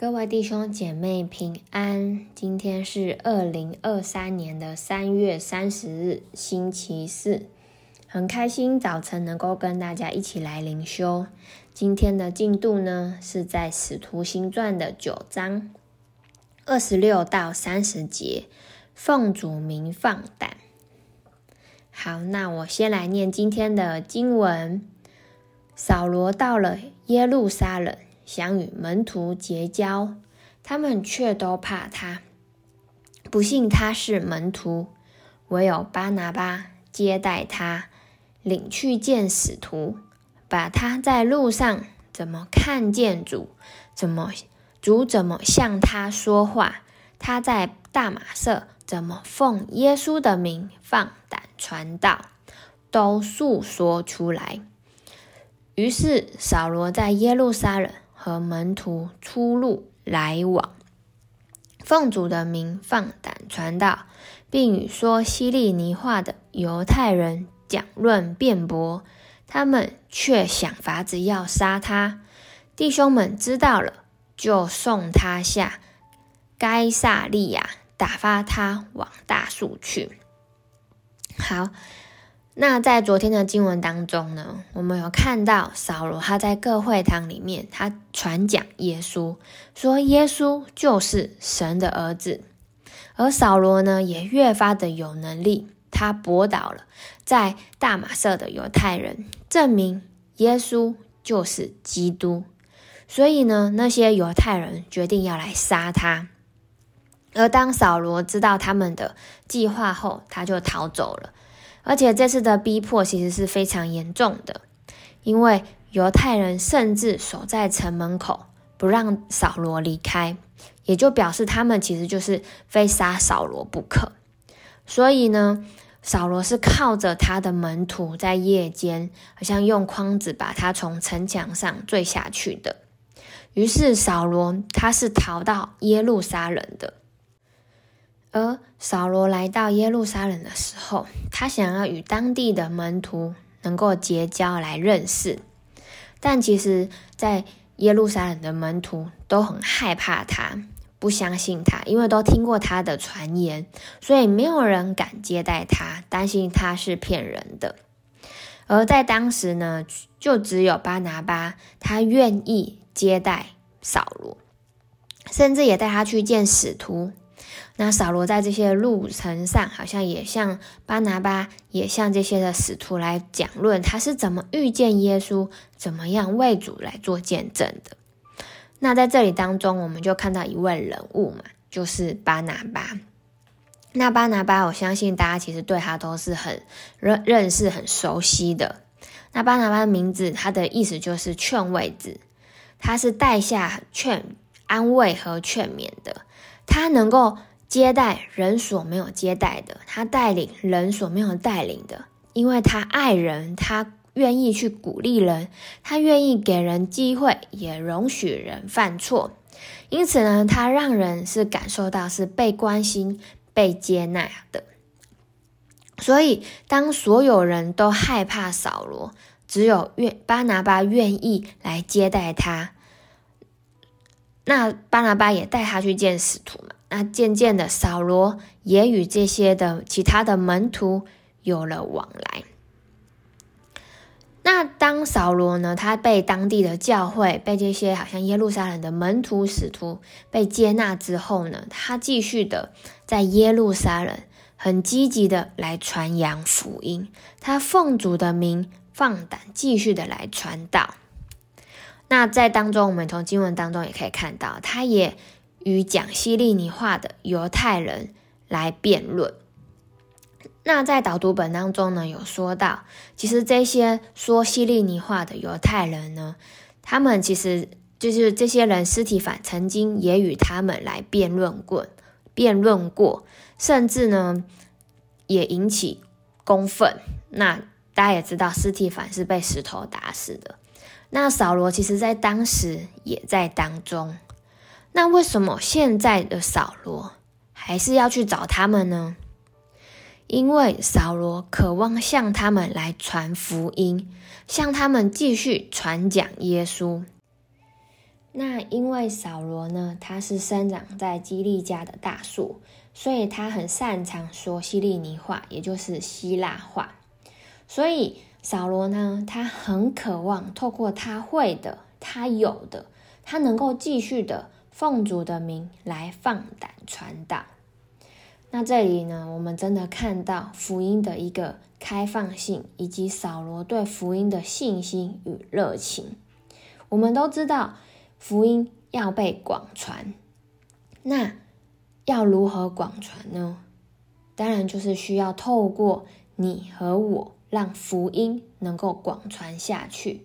各位弟兄姐妹平安，今天是二零二三年的三月三十日，星期四，很開心早晨能夠跟大家一起來靈修。今天的進度呢是在《使徒行傳》的九章二十六到三十節，奉主名放膽。好，那我先來念今天的經文：掃羅到了耶路撒冷。想與門徒結交，他們卻都怕他，不信他是門徒。唯有巴拿巴接待他，領去見使徒，把他在路上怎麼看見主，怎麼主怎麼向他說話，他在大馬色怎麼奉耶穌的名放膽傳道，都述說出來。於是掃羅在耶路撒冷。和門徒出入來往，奉主的名放膽傳道，並與說希利尼話的猶太人講論辯駁，他們却想法子要殺他。弟兄們知道了，就送他下該撒利亞，打發他往大數去。好。那在昨天的經文當中呢，我們有看到掃羅他在各會堂裡面，他傳講耶穌，說耶穌就是神的兒子，而掃羅呢也越發的有能力，他駁倒了在大馬色的猶太人，證明耶穌就是基督。所以呢，那些猶太人決定要來殺他，而當掃羅知道他們的計劃後，他就逃走了。而且這次的逼迫其實是非常嚴重的，因為猶太人甚至守在城門口不讓掃羅離開，也就表示他們其實就是非殺掃羅不可。所以呢，掃羅是靠着他的門徒在夜間，好像用筐子把他從城牆上墜下去的。於是，掃羅他是逃到耶路撒冷的。而掃羅來到耶路撒冷的時候，他想要與當地的門徒能夠結交來認識，但其實，在耶路撒冷的門徒都很害怕他，不相信他，因為都聽過他的傳言，所以沒有人敢接待他，擔心他是騙人的。而在當時呢，就只有巴拿巴他願意接待掃羅，甚至也帶他去見使徒。那掃羅在這些路程上，好像也像巴拿巴，也像這些的使徒來講論，他是怎麼遇見耶穌，怎麼樣為主來做見證的。那在這裡當中，我們就看到一位人物嘛，就是巴拿巴。那巴拿巴，我相信大家其實對他都是很認認識、很熟悉的。那巴拿巴的名字，他的意思就是勸慰子，他是帶下勸安慰和勸勉的。他能夠接待人所沒有接待的，他帶領人所沒有帶領的，因為他愛人，他願意去鼓勵人，他願意給人機會，也容許人犯錯。因此呢，他讓人是感受到是被關心、被接納的。所以，當所有人都害怕掃羅，只有願巴拿巴願意來接待他。那巴拿巴也帶他去見使徒嘛。那漸漸的，掃羅也與這些的其他的門徒有了往來。那當掃羅呢，他被當地的教會，被這些好像耶路撒冷的門徒使徒被接納之後呢，他繼續的在耶路撒冷很積極的來傳揚福音。他奉主的名放膽，放膽繼續的來傳道。那在當中，我們從經文當中也可以看到，他也與講希利尼話的猶太人來辯論。那在導讀本當中呢，有說到，其實這些說希利尼話的猶太人呢，他們其實就是這些人，司提反曾經也與他們來辯論過，辯論過，甚至呢也引起公憤。那大家也知道，司提反是被石頭打死的。那掃羅其實，在當時也在當中。那為什麼現在的掃羅還是要去找他們呢？因為掃羅渴望向他們來傳福音，向他們繼續傳講耶穌。那因為掃羅呢，他是生長在基利家的大數，所以他很擅長說希利尼話，也就是希臘話，所以。掃羅呢，他很渴望透過他會的、他有的、他能夠繼續的奉主的名來放膽傳道。那這裡呢，我們真的看到福音的一個開放性，以及掃羅對福音的信心與熱情。我們都知道，福音要被廣傳，那要如何廣傳呢？當然就是需要透過你和我。讓福音能夠廣傳下去，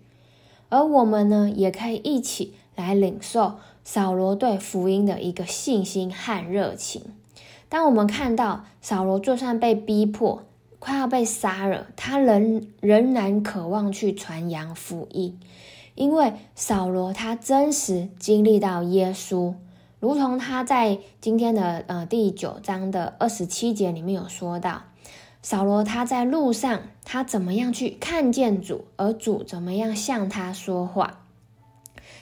而我們呢，也可以一起來領受掃羅對福音的一個信心和熱情。當我們看到掃羅就算被逼迫，快要被殺了，他仍仍然渴望去傳揚福音，因為掃羅他真實經歷到耶穌，如同他在今天的呃第九章的二十七節裡面有說到。掃羅他在路上，他怎麼樣去看見主，而主怎麼樣向他說話？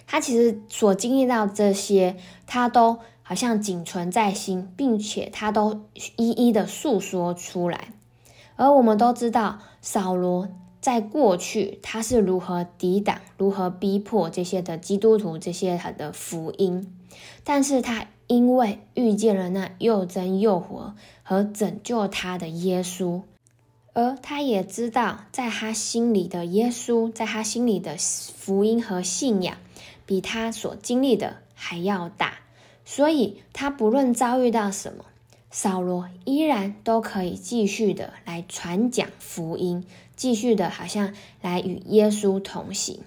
他其實所經歷到這些，他都好像僅存在心，並且他都一一的述說出來。而我們都知道，掃羅在過去他是如何抵擋、如何逼迫這些的基督徒、這些他的福音，但是他。因為遇見了那又真又活和拯救他的耶穌，而他也知道，在他心裡的耶穌，在他心裡的福音和信仰，比他所經歷的還要大。所以，他不論遭遇到什麼，掃羅依然都可以繼續的來傳講福音，繼續的好像來與耶穌同行。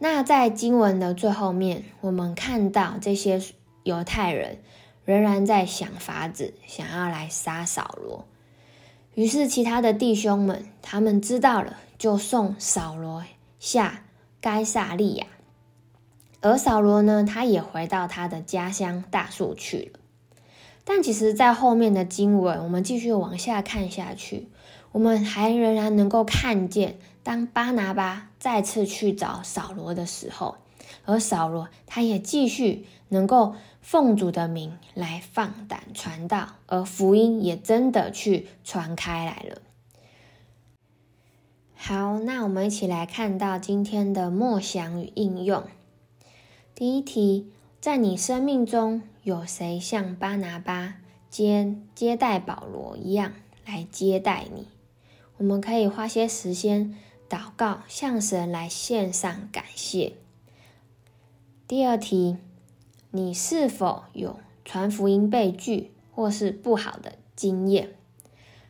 那在經文的最後面，我們看到這些。猶太人仍然在想法子，想要來殺掃羅。於是，其他的弟兄們，他們知道了，就送掃羅下該撒利亞。而掃羅呢，他也回到他的家鄉大數去了。但其實，在後面的經文，我們繼續往下看下去，我們還仍然能夠看見，當巴拿巴再次去找掃羅的時候。而掃羅，他也繼續能夠奉主的名來放膽傳道，而福音也真的去傳開來了。好，那我們一起來看到今天的默想與應用。第一題：在你生命中有誰像巴拿巴接接待保羅一樣來接待你？我們可以花些時間禱告，向神來獻上感謝。第二題，你是否有傳福音被拒或是不好的經驗？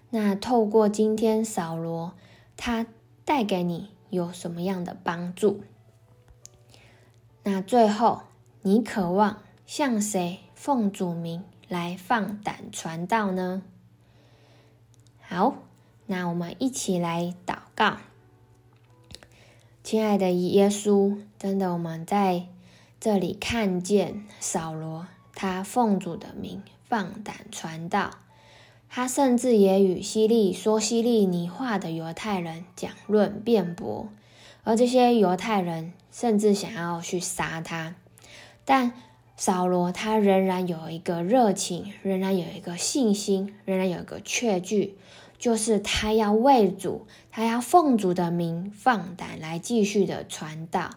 那透過今天掃羅，他帶給你有什麼樣的幫助？那最後，你渴望向誰奉主名來放膽傳道呢？好，那我們一起來禱告，親愛的耶穌，真的我們在。這裡看見掃羅，他奉主的名放膽傳道。他甚至也與希利說希利尼話的猶太人講論辯駁，而這些猶太人甚至想要去殺他。但掃羅他仍然有一個熱情，仍然有一個信心，仍然有一個確據，就是他要為主，他要奉主的名放膽來繼續的傳道。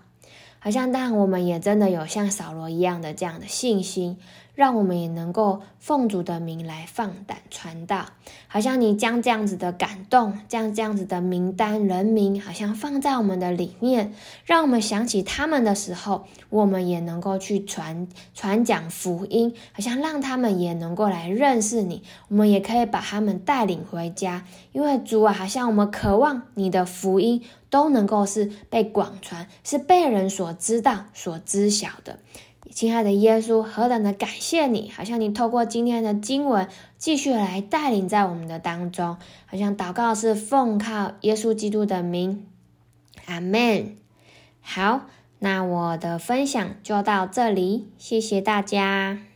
好像，但我們也真的有像掃羅一樣的這樣的信心。讓我們也能夠奉主的名來放膽傳道，好像你將這樣子的感動，將這樣子的名單、人名，好像放在我們的裡面，讓我們想起他們的時候，我們也能夠去傳傳講福音，好像讓他們也能夠來認識你。我們也可以把他們帶領回家，因為主啊，好像我們渴望你的福音都能夠是被廣傳，是被人所知道、所知曉的。親愛的耶穌，何等的感謝你！好像你透過今天的經文，繼續來帶領在我們的當中。好像禱告是奉靠耶穌基督的名，阿們。好，那我的分享就到這裡，謝謝大家。